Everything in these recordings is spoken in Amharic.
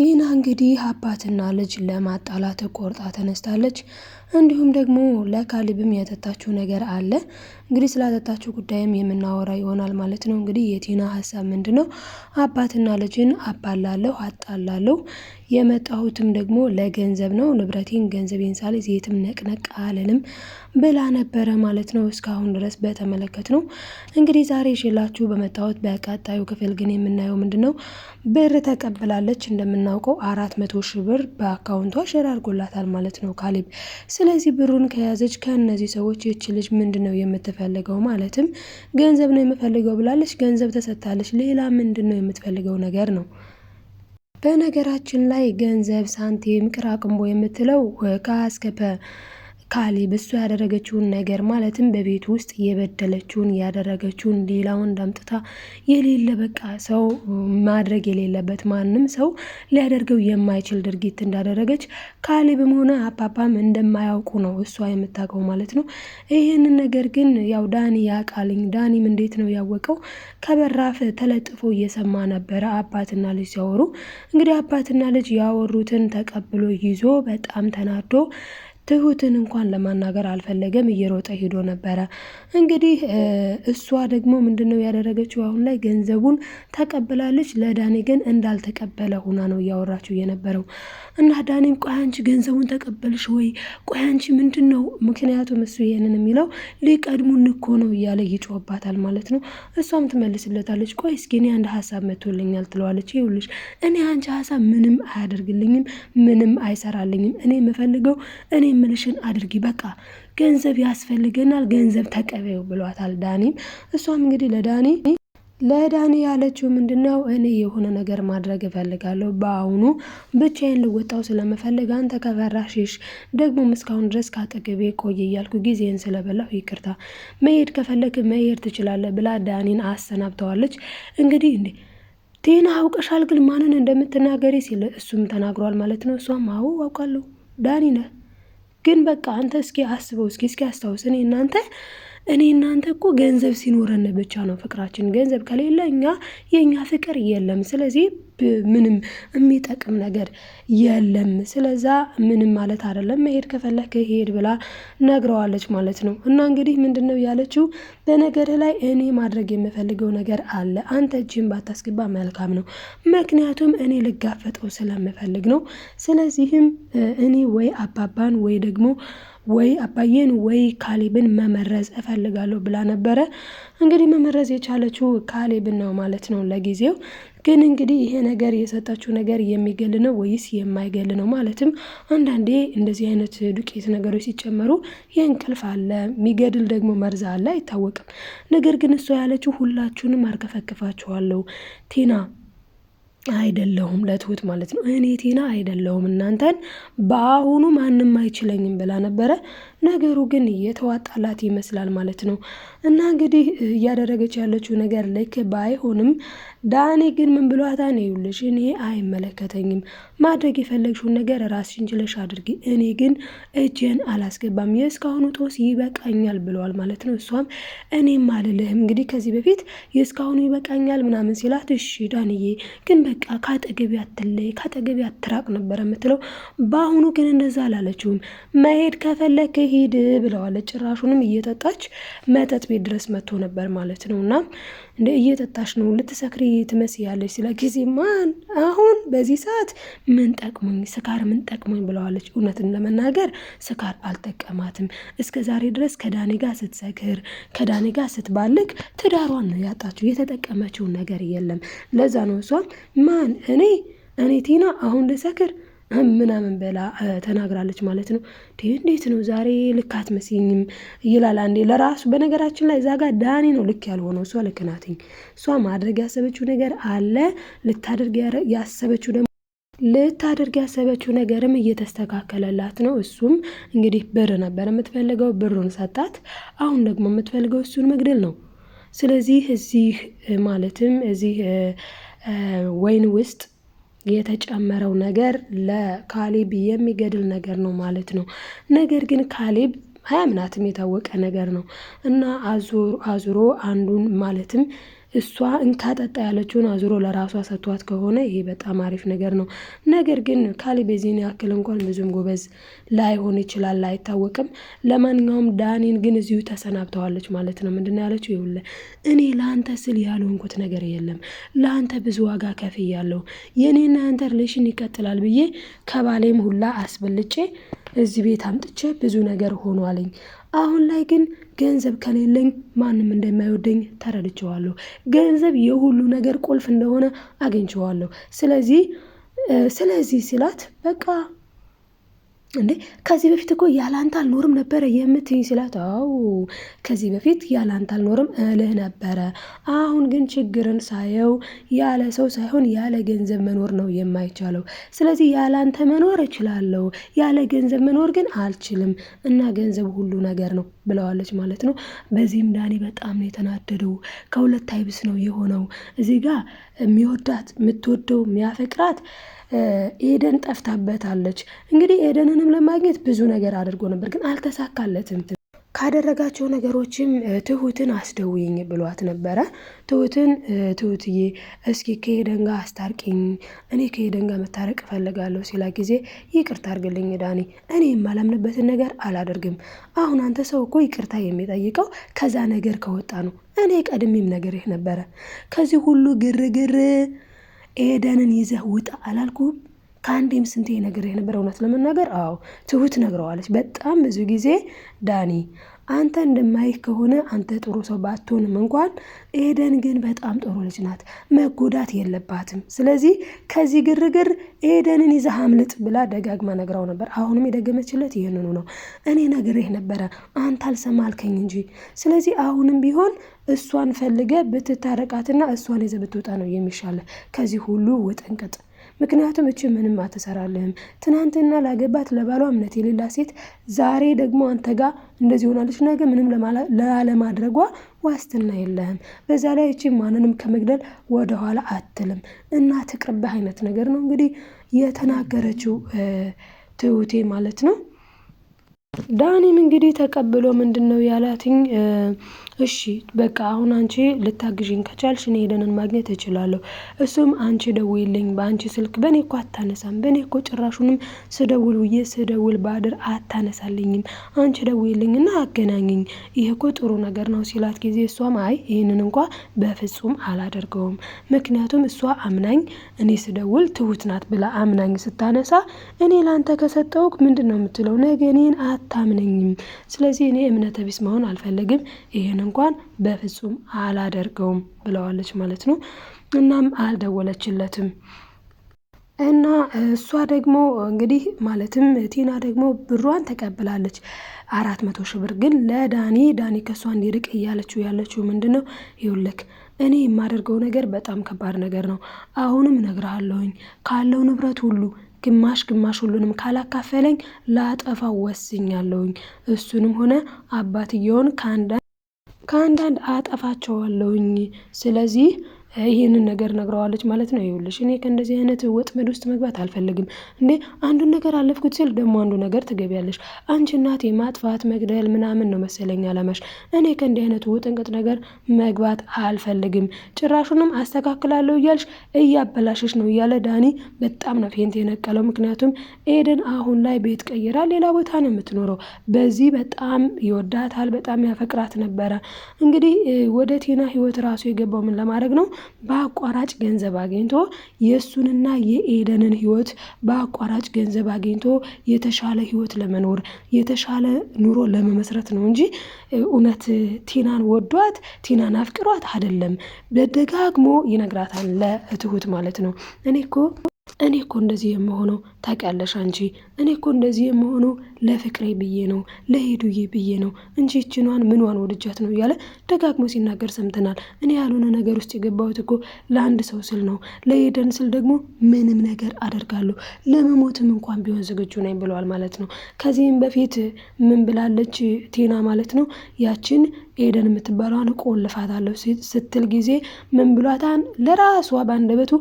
ቲና እንግዲህ አባትና ልጅ ለማጣላት ቆርጣ ተነስታለች። እንዲሁም ደግሞ ለካሊብም ያጠጣችው ነገር አለ። እንግዲህ ስላጠጣችው ጉዳይም የምናወራ ይሆናል ማለት ነው። እንግዲህ የቲና ሀሳብ ምንድን ነው? አባትና ልጅን አባላለሁ፣ አጣላለሁ የመጣሁትም ደግሞ ለገንዘብ ነው። ንብረቴን ገንዘቤን ሳልይዝ የትም ነቅነቅ አልልም ብላ ነበረ ማለት ነው። እስካሁን ድረስ በተመለከት ነው እንግዲህ ዛሬ ሽላችሁ በመጣሁት በቀጣዩ ክፍል ግን የምናየው ምንድን ነው ብር ተቀብላለች። እንደምናውቀው አራት መቶ ሺህ ብር በአካውንቷ ሸራርጎላታል ማለት ነው ካሌብ። ስለዚህ ብሩን ከያዘች ከእነዚህ ሰዎች ይች ልጅ ምንድን ነው የምትፈልገው? ማለትም ገንዘብ ነው የምፈልገው ብላለች። ገንዘብ ተሰጥታለች። ሌላ ምንድን ነው የምትፈልገው ነገር ነው? በነገራችን ላይ ገንዘብ ሳንቲም ቅራቅንቦ የምትለው ከአስከ ካሌብ እሷ ያደረገችውን ነገር ማለትም በቤት ውስጥ የበደለችውን ያደረገችውን ሌላውን ዳምጥታ የሌለ በቃ ሰው ማድረግ የሌለበት ማንም ሰው ሊያደርገው የማይችል ድርጊት እንዳደረገች ካሌብም ሆነ አፓፓም እንደማያውቁ ነው እሷ የምታውቀው ማለት ነው። ይህንን ነገር ግን ያው ዳኒ ያውቃልኝ። ዳኒም እንዴት ነው ያወቀው? ከበራፍ ተለጥፎ እየሰማ ነበረ አባትና ልጅ ሲያወሩ። እንግዲህ አባትና ልጅ ያወሩትን ተቀብሎ ይዞ በጣም ተናዶ ትሁትን እንኳን ለማናገር አልፈለገም፣ እየሮጠ ሄዶ ነበረ። እንግዲህ እሷ ደግሞ ምንድን ነው ያደረገችው? አሁን ላይ ገንዘቡን ተቀብላለች። ለዳኔ ግን እንዳልተቀበለ ሁና ነው እያወራችው የነበረው እና ዳኔም ቆይ አንቺ ገንዘቡን ተቀበልሽ ወይ? ቆይ አንቺ ምንድን ነው? ምክንያቱም እሱ ይሄንን የሚለው ሊቀድሙን እኮ ነው እያለ ይጮህባታል ማለት ነው። እሷም ትመልስለታለች። ቆይ እስኪ እኔ አንድ ሀሳብ መቶልኛል ትለዋለች። ይኸውልሽ እኔ አንቺ ሀሳብ ምንም አያደርግልኝም፣ ምንም አይሰራልኝም። እኔ የምፈልገው እኔ የምልሽን አድርጊ፣ በቃ ገንዘብ ያስፈልገናል፣ ገንዘብ ተቀበዩ ብሏታል። ዳኒም እሷም እንግዲህ ለዳኒ ለዳኒ ያለችው ምንድን ነው? እኔ የሆነ ነገር ማድረግ እፈልጋለሁ። በአሁኑ ብቻዬን ልወጣው ስለምፈልግ አንተ ከፈራሽሽ ደግሞም እስካሁን ድረስ ካጠገቤ ቆየ እያልኩ ጊዜን ስለበላሁ ይቅርታ፣ መሄድ ከፈለክ መሄድ ትችላለህ ብላ ዳኒን አሰናብተዋለች። እንግዲህ እንዴ ቴና አውቀሻል፣ ግን ማንን እንደምትናገሪ ሲል እሱም ተናግሯል ማለት ነው። እሷም አዎ አውቃለሁ ዳኒ ነህ ግን በቃ አንተ እስኪ አስበው እስኪ እስኪ አስታውስ። እኔ እናንተ እኔ እናንተ እኮ ገንዘብ ሲኖረን ብቻ ነው ፍቅራችን። ገንዘብ ከሌለ እኛ የእኛ ፍቅር የለም። ስለዚህ ምንም የሚጠቅም ነገር የለም። ስለዛ ምንም ማለት አይደለም መሄድ ከፈለክ ሄድ ብላ ነግረዋለች ማለት ነው። እና እንግዲህ ምንድን ነው ያለችው? በነገር ላይ እኔ ማድረግ የምፈልገው ነገር አለ፣ አንተ እጅህን ባታስገባ መልካም ነው። ምክንያቱም እኔ ልጋፈጠው ስለምፈልግ ነው። ስለዚህም እኔ ወይ አባባን ወይ ደግሞ ወይ አባዬን ወይ ካሌብን መመረዝ እፈልጋለሁ ብላ ነበረ። እንግዲህ መመረዝ የቻለችው ካሌብን ነው ማለት ነው ለጊዜው። ግን እንግዲህ ይሄ ነገር የሰጣችው ነገር የሚገል ነው ወይስ የማይገል ነው? ማለትም አንዳንዴ እንደዚህ አይነት ዱቄት ነገሮች ሲጨመሩ የእንቅልፍ አለ የሚገድል ደግሞ መርዝ አለ አይታወቅም። ነገር ግን እሷ ያለችው ሁላችሁንም አርከፈክፋችኋለሁ ቴና አይደለሁም ለትሁት ማለት ነው። እኔ ቴና አይደለሁም እናንተን በአሁኑ ማንም አይችለኝም ብላ ነበረ። ነገሩ ግን የተዋጣላት ይመስላል ማለት ነው። እና እንግዲህ እያደረገች ያለችው ነገር ልክ ባይሆንም ዳኔ ግን ምን ብሏታን? ይኸውልሽ እኔ አይመለከተኝም፣ ማድረግ የፈለግሽውን ነገር ራስሽን ችለሽ አድርጊ፣ እኔ ግን እጄን አላስገባም፣ የእስካሁኑ ጦስ ይበቃኛል ብለዋል ማለት ነው። እሷም እኔም አልልህም እንግዲህ ከዚህ በፊት የእስካሁኑ ይበቃኛል ምናምን ሲላት፣ እሺ ዳንዬ ግን በቃ ካጠገቢ አትለይ፣ ካጠገቢ አትራቅ ነበር የምትለው። በአሁኑ ግን እንደዛ አላለችውም። መሄድ ከፈለግ ሄድ ብለዋለች። ጭራሹንም እየጠጣች መጠጥ ቤት ድረስ መጥቶ ነበር ማለት ነው። እና እንደ እየጠጣች ነው ልትሰክሪ ትመስያለች ሲላ ጊዜ ማን አሁን በዚህ ሰዓት ምን ጠቅሞኝ ስካር ምን ጠቅሞኝ ብለዋለች። እውነትን ለመናገር ስካር አልጠቀማትም። እስከ ዛሬ ድረስ ከዳኔ ጋር ስትሰክር፣ ከዳኔ ጋር ስትባልቅ ትዳሯን ነው ያጣችው። የተጠቀመችውን ነገር የለም። ለዛ ነው እሷ ማን እኔ እኔ ቲና አሁን ልሰክር ምናምን በላ ተናግራለች ማለት ነው። እንዴት ነው ዛሬ ልክ አትመስኝም ይላል አንዴ ለራሱ። በነገራችን ላይ እዛ ጋር ዳኒ ነው ልክ ያልሆነው፣ እሷ ልክ ናትኝ። እሷ ማድረግ ያሰበችው ነገር አለ ልታደርግ ያሰበችው ደግሞ ልታደርግ ያሰበችው ነገርም እየተስተካከለላት ነው። እሱም እንግዲህ ብር ነበር የምትፈልገው፣ ብሩን ሰጣት። አሁን ደግሞ የምትፈልገው እሱን መግደል ነው። ስለዚህ እዚህ ማለትም እዚህ ወይን ውስጥ የተጨመረው ነገር ለካሌብ የሚገድል ነገር ነው ማለት ነው። ነገር ግን ካሌብ ሀያ ምናትም የታወቀ ነገር ነው እና አዙሮ አዙሮ አንዱን ማለትም እሷ እንካጠጣ ያለችውን አዙሮ ለራሷ ሰጥቷት ከሆነ ይሄ በጣም አሪፍ ነገር ነው። ነገር ግን ካሊ በዚህን ያክል እንኳን ብዙም ጎበዝ ላይሆን ይችላል፣ አይታወቅም። ለማንኛውም ዳኒን ግን እዚሁ ተሰናብተዋለች ማለት ነው። ምንድን ነው ያለችው? ይውለ እኔ ለአንተ ስል ያልሆንኩት ነገር የለም። ለአንተ ብዙ ዋጋ ከፍያለሁ። የእኔና ያንተ ሪሌሽን ይቀጥላል ብዬ ከባሌም ሁላ አስበልጬ እዚህ ቤት አምጥቼ ብዙ ነገር ሆኗልኝ። አሁን ላይ ግን ገንዘብ ከሌለኝ ማንም እንደማይወደኝ ተረድቸዋለሁ ገንዘብ የሁሉ ነገር ቁልፍ እንደሆነ አግኝቸዋለሁ ስለዚህ ስለዚህ ሲላት በቃ እንዴ ከዚህ በፊት እኮ ያላንተ አልኖርም ነበረ የምትይኝ ስላት፣ አዎ ከዚህ በፊት ያላንተ አልኖርም እልህ ነበረ። አሁን ግን ችግርን ሳየው ያለ ሰው ሳይሆን ያለ ገንዘብ መኖር ነው የማይቻለው። ስለዚህ ያላንተ መኖር እችላለሁ፣ ያለ ገንዘብ መኖር ግን አልችልም እና ገንዘብ ሁሉ ነገር ነው ብለዋለች ማለት ነው። በዚህም ዳኒ በጣም ነው የተናደደው። ከሁለት አይብስ ነው የሆነው። እዚህ ጋር የሚወዳት የምትወደው የሚያፈቅራት ኤደን ጠፍታበታለች። እንግዲህ ኤደንን እሱንም ለማግኘት ብዙ ነገር አድርጎ ነበር፣ ግን አልተሳካለትም። ካደረጋቸው ነገሮችም ትሁትን አስደውይኝ ብሏት ነበረ። ትሁትን ትሁትዬ እስኪ ከሄደን ጋር አስታርቂኝ፣ እኔ ከሄደን ጋር መታረቅ እፈልጋለሁ ሲላ ጊዜ ይቅርታ አርግልኝ ዳኒ፣ እኔ የማላምንበትን ነገር አላደርግም። አሁን አንተ ሰው እኮ ይቅርታ የሚጠይቀው ከዛ ነገር ከወጣ ነው። እኔ ቀድሜም ነግሬህ ነበረ። ከዚህ ሁሉ ግርግር ኤደንን ይዘህ ውጣ አላልኩም? ከአንዴም ስንቴ ነገር የነበረ እውነት ለመናገር አዎ ትሁት ነግረዋለች። በጣም ብዙ ጊዜ ዳኒ አንተ እንደማይህ ከሆነ አንተ ጥሩ ሰው ባትሆንም እንኳን ኤደን ግን በጣም ጥሩ ልጅ ናት፣ መጎዳት የለባትም። ስለዚህ ከዚህ ግርግር ኤደንን ይዘህ አምልጥ ብላ ደጋግማ ነግራው ነበር። አሁንም የደገመችለት ይህንኑ ነው። እኔ ነግሬህ ነበረ አንተ አልሰማልከኝ አልከኝ እንጂ። ስለዚህ አሁንም ቢሆን እሷን ፈልገ ብትታረቃትና እሷን ይዘህ ብትወጣ ነው የሚሻለ ከዚህ ሁሉ ውጥንቅጥ ምክንያቱም እች ምንም አትሰራልህም። ትናንትና ላገባት ለባሏ እምነት የሌላ ሴት ዛሬ ደግሞ አንተ ጋር እንደዚህ ሆናለች። ነገ ምንም ላለማድረጓ ዋስትና የለህም። በዛ ላይ እቺ ማንንም ከመግደል ወደኋላ አትልም እና ትቅርብህ አይነት ነገር ነው እንግዲህ የተናገረችው ትሁቴ ማለት ነው። ዳኒም እንግዲህ ተቀብሎ ምንድን ነው ያላትኝ እሺ በቃ አሁን አንቺ ልታግዥኝ ከቻልሽ እኔ ሄደንን ማግኘት እችላለሁ። እሱም አንቺ ደውዪልኝ በአንቺ ስልክ በእኔ እኮ አታነሳም በእኔ እኮ ጭራሹንም ስደውል ውዬ ስደውል ባድር አታነሳልኝም አንቺ እና አገናኘኝ ይህ እኮ ጥሩ ነገር ነው ሲላት ጊዜ እሷም አይ ይህንን እንኳ በፍጹም አላደርገውም ምክንያቱም እሷ አምናኝ እኔ ስደውል ትሁት ናት ብላ አምናኝ ስታነሳ እኔ ላንተ ከሰጠውክ ምንድን ነው የምትለው ነገ እኔን አታምነኝም። ስለዚህ እኔ እምነተ ቢስ መሆን አልፈልግም ይሄንን እንኳን በፍጹም አላደርገውም ብለዋለች ማለት ነው። እናም አልደወለችለትም እና እሷ ደግሞ እንግዲህ ማለትም ቲና ደግሞ ብሯን ተቀብላለች። አራት መቶ ሺህ ብር ግን ለዳኒ ዳኒ ከእሷ እንዲርቅ እያለችው ያለችው ምንድን ነው? ይውልክ እኔ የማደርገው ነገር በጣም ከባድ ነገር ነው። አሁንም እነግርሃለሁኝ ካለው ንብረት ሁሉ ግማሽ ግማሽ ሁሉንም ካላካፈለኝ ላጠፋው ወስኛለሁኝ። እሱንም ሆነ አባትየውን ከአንዳ ከአንዳንድ አጠፋቸዋለሁኝ። ስለዚህ ይህንን ነገር ነግረዋለች ማለት ነው። ይኸውልሽ እኔ ከእንደዚህ አይነት ወጥመድ ውስጥ መግባት አልፈልግም። እንዴ አንዱን ነገር አለፍኩት ሲል ደግሞ አንዱ ነገር ትገቢያለሽ። አንቺ እናቴ ማጥፋት፣ መግደል ምናምን ነው መሰለኝ አላማሽ። እኔ ከእንዲህ አይነቱ ውጥንቅጥ ነገር መግባት አልፈልግም። ጭራሹንም አስተካክላለሁ እያልሽ እያበላሸሽ ነው እያለ ዳኒ በጣም ነው ፌንት የነቀለው። ምክንያቱም ኤደን አሁን ላይ ቤት ቀይራ ሌላ ቦታ ነው የምትኖረው። በዚህ በጣም ይወዳታል፣ በጣም ያፈቅራት ነበረ። እንግዲህ ወደ ቴና ህይወት ራሱ የገባው ምን ለማድረግ ነው በአቋራጭ ገንዘብ አግኝቶ የእሱንና የኤደንን ህይወት በአቋራጭ ገንዘብ አግኝቶ የተሻለ ህይወት ለመኖር የተሻለ ኑሮ ለመመስረት ነው እንጂ እውነት ቲናን ወዷት ቲናን አፍቅሯት አይደለም። በደጋግሞ ይነግራታል ለትሁት ማለት ነው እኔ እኮ እኔ እኮ እንደዚህ የምሆነው ታውቂያለሽ አንቺ እኔ እኮ እንደዚህ የምሆነው ለፍቅሬ ብዬ ነው ለሄዱዬ ብዬ ነው እንጂ ይችኗን ምንዋን ወድጃት ነው እያለ ደጋግሞ ሲናገር ሰምተናል። እኔ ያልሆነ ነገር ውስጥ የገባሁት እኮ ለአንድ ሰው ስል ነው፣ ለሄደን ስል ደግሞ ምንም ነገር አደርጋለሁ፣ ለመሞትም እንኳን ቢሆን ዝግጁ ነኝ ብለዋል ማለት ነው። ከዚህም በፊት ምን ብላለች ቴና ማለት ነው ያችን ኤደን የምትባለዋን እቆልፋታለሁ ስትል ጊዜ ምን ብሏታን? ለራሷ ባንደበቱ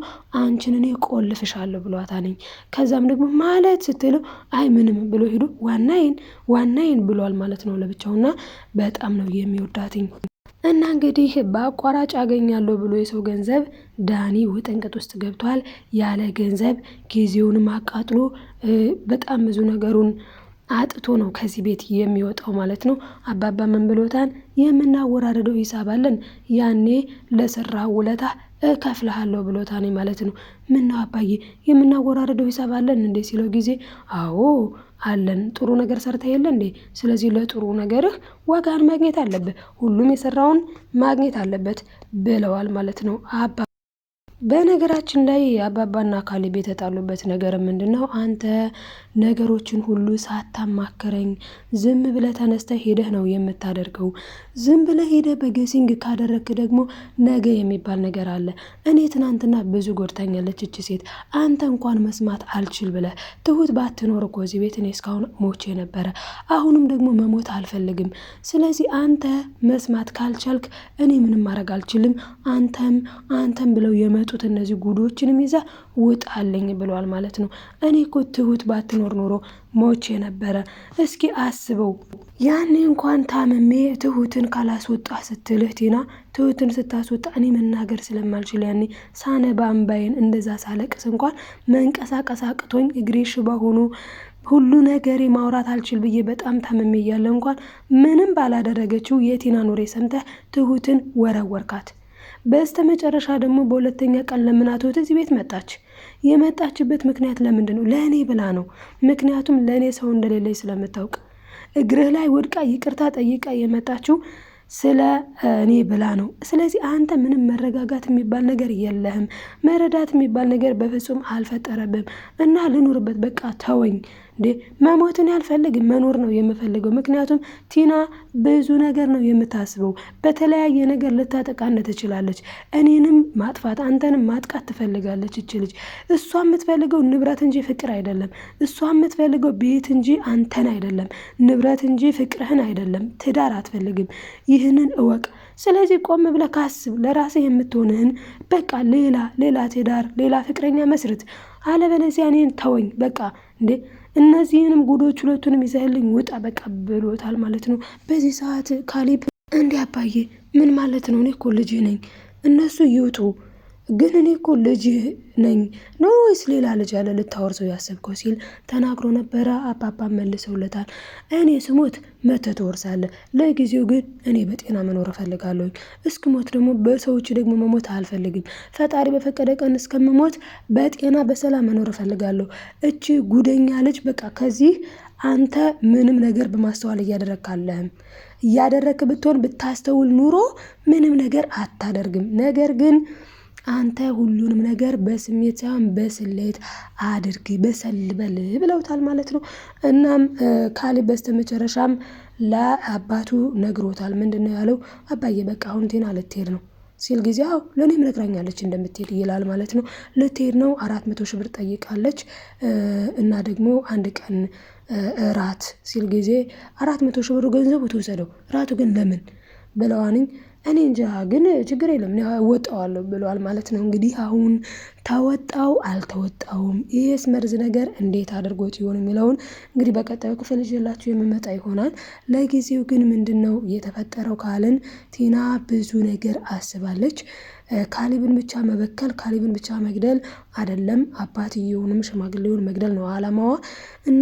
አንቺን እኔ እቆልፍሻለሁ ብሏታነኝ። ከዛም ደግሞ ማለት ስትለው አይ ምንም ብሎ ሄዱ። ዋናይን ዋናይን ብሏል ማለት ነው ለብቻውና በጣም ነው የሚወዳትኝ። እና እንግዲህ በአቋራጭ አገኛለሁ ብሎ የሰው ገንዘብ ዳኒ ውጥንቅጥ ውስጥ ገብቷል። ያለ ገንዘብ ጊዜውንም አቃጥሎ በጣም ብዙ ነገሩን አጥቶ ነው ከዚህ ቤት የሚወጣው ማለት ነው። አባባ ምን ብሎታን የምናወራርደው ሂሳብ አለን ያኔ ለሰራ ውለታ እከፍልሃለሁ ብሎታኔ ማለት ነው። ነው አባዬ የምናወራርደው ሂሳብ አለን እንዴ ሲለው ጊዜ አዎ አለን ጥሩ ነገር ሰርታ የለ እንዴ? ስለዚህ ለጥሩ ነገርህ ዋጋን ማግኘት አለብህ፣ ሁሉም የሰራውን ማግኘት አለበት ብለዋል ማለት ነው አባ በነገራችን ላይ አባባና ካሌብ የተጣሉበት ነገር ምንድን ነው? አንተ ነገሮችን ሁሉ ሳታማከረኝ ዝም ብለህ ተነስተህ ሄደህ ነው የምታደርገው። ዝም ብለህ ሄደህ በገሲንግ ካደረግክ ደግሞ ነገ የሚባል ነገር አለ። እኔ ትናንትና ብዙ ጎድታኛለች እች ሴት፣ አንተ እንኳን መስማት አልችል ብለህ ትሁት ባትኖር እኮ እዚህ ቤት እኔ እስካሁን ሞቼ ነበረ። አሁንም ደግሞ መሞት አልፈልግም። ስለዚህ አንተ መስማት ካልቻልክ እኔ ምንም ማድረግ አልችልም። አንተም አንተም ብለው የመ የሚመጡት እነዚህ ጉዶችንም ይዛ ውጣልኝ ብለዋል ማለት ነው። እኔ እኮ ትሁት ባትኖር ኖሮ ሞቼ ነበረ። እስኪ አስበው ያኔ እንኳን ታመሜ ትሁትን ካላስወጣ ስትልህ ቲና ትሁትን ስታስወጣ እኔ መናገር ስለማልችል ያኔ ሳነባ እምባዬን እንደዛ ሳለቅስ እንኳን መንቀሳቀስ አቅቶኝ እግሬ ሽባ ሆኖ ሁሉ ነገሬ ማውራት አልችል ብዬ በጣም ታመሜ እያለ እንኳን ምንም ባላደረገችው የቲና ኖሬ ሰምተህ ትሁትን ወረወርካት። በስተመጨረሻ ደግሞ በሁለተኛ ቀን ለምናት እህት እዚህ ቤት መጣች። የመጣችበት ምክንያት ለምንድን ነው? ለእኔ ብላ ነው። ምክንያቱም ለእኔ ሰው እንደሌለኝ ስለምታውቅ እግርህ ላይ ወድቃ ይቅርታ ጠይቃ የመጣችው ስለ እኔ ብላ ነው። ስለዚህ አንተ ምንም መረጋጋት የሚባል ነገር የለህም። መረዳት የሚባል ነገር በፍጹም አልፈጠረብም እና ልኑርበት፣ በቃ ተወኝ። እንዴ መሞትን ያልፈልግም መኖር ነው የምፈልገው። ምክንያቱም ቲና ብዙ ነገር ነው የምታስበው። በተለያየ ነገር ልታጠቃነ ትችላለች። እኔንም ማጥፋት አንተንም ማጥቃት ትፈልጋለች ይች ልጅ። እሷ የምትፈልገው ንብረት እንጂ ፍቅር አይደለም። እሷ የምትፈልገው ቤት እንጂ አንተን አይደለም። ንብረት እንጂ ፍቅርህን አይደለም። ትዳር አትፈልግም። ይህንን እወቅ። ስለዚህ ቆም ብለህ ካስብ፣ ለራስህ የምትሆንህን በቃ ሌላ ሌላ ትዳር ሌላ ፍቅረኛ መስርት። አለበለዚያ እኔን ተወኝ በቃ እንዴ እነዚህንም ጉዶች ሁለቱንም ይዘህልኝ ውጣ በቃ ብሎታል ማለት ነው። በዚህ ሰዓት ካሊብ እንዲህ አባዬ ምን ማለት ነው? እኔ እኮ ልጅ ነኝ። እነሱ ይውጡ ግን እኔ እኮ ልጅ ነኝ ነው ወይስ ሌላ ልጅ አለ ልታወርሰው ያሰብከው ሲል ተናግሮ ነበረ። አባባ መልሰውለታል። እኔ ስሞት መተ ትወርሳለ። ለጊዜው ግን እኔ በጤና መኖር እፈልጋለሁ። ሞት ደግሞ በሰዎች ደግሞ መሞት አልፈልግም። ፈጣሪ በፈቀደ ቀን እስከምሞት በጤና በሰላም መኖር እፈልጋለሁ። እቺ ጉደኛ ልጅ በቃ ከዚህ አንተ ምንም ነገር በማስተዋል እያደረግካለህም እያደረግክ ብትሆን ብታስተውል ኑሮ ምንም ነገር አታደርግም። ነገር ግን አንተ ሁሉንም ነገር በስሜት ሳይሆን በስሌት አድርግ በሰል በል ብለውታል ማለት ነው። እናም ካሌብ በስተመጨረሻም ለአባቱ ነግሮታል። ምንድን ነው ያለው? አባዬ በቃ አሁን ቴና ልትሄድ ነው ሲል ጊዜ አው ለእኔም ነግራኛለች እንደምትሄድ ይላል ማለት ነው። ልትሄድ ነው አራት መቶ ሺህ ብር ጠይቃለች እና ደግሞ አንድ ቀን እራት ሲል ጊዜ አራት መቶ ሺህ ብሩ ገንዘቡ ትውሰደው እራቱ ግን ለምን ብለዋንኝ እኔ እንጃ ግን ችግር የለም እኔ እወጣዋለሁ ማለት ነው። እንግዲህ አሁን ተወጣው አልተወጣውም ይህስ መርዝ ነገር እንዴት አድርጎት ይሆን የሚለውን እንግዲህ በቀጣዩ ክፍል ይዤላችሁ የምመጣ ይሆናል። ለጊዜው ግን ምንድን ነው የተፈጠረው ካልን ቲና ብዙ ነገር አስባለች። ካሊብን ብቻ መበከል ካሊብን ብቻ መግደል አይደለም፣ አባትየውንም ሽማግሌውን መግደል ነው አላማዋ። እና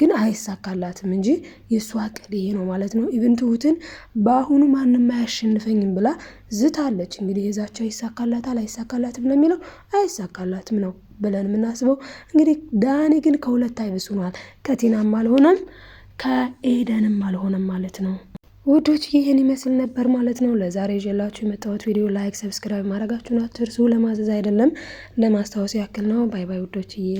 ግን አይሳካላትም እንጂ የእሷ ቅል ይሄ ነው ማለት ነው። ኢቭን ትሁትን በአሁኑ ማንም አያሸንፈኝም ብላ ዝታለች። እንግዲህ የዛቻው ይሳካላታል አይሳካላትም ለሚለው አይሳካላትም ነው ብለን የምናስበው። እንግዲህ ዳኔ ግን ከሁለት አይብሱናል፣ ከቲናም አልሆነም ከኤደንም አልሆነም ማለት ነው። ውዶች ይህን ይመስል ነበር ማለት ነው። ለዛሬ ይዤላችሁ የመጣሁት ቪዲዮ ላይክ፣ ሰብስክራይብ ማድረጋችሁን አትርሱ። ለማዘዝ አይደለም ለማስታወስ ያክል ነው። ባይ ባይ ውዶችዬ።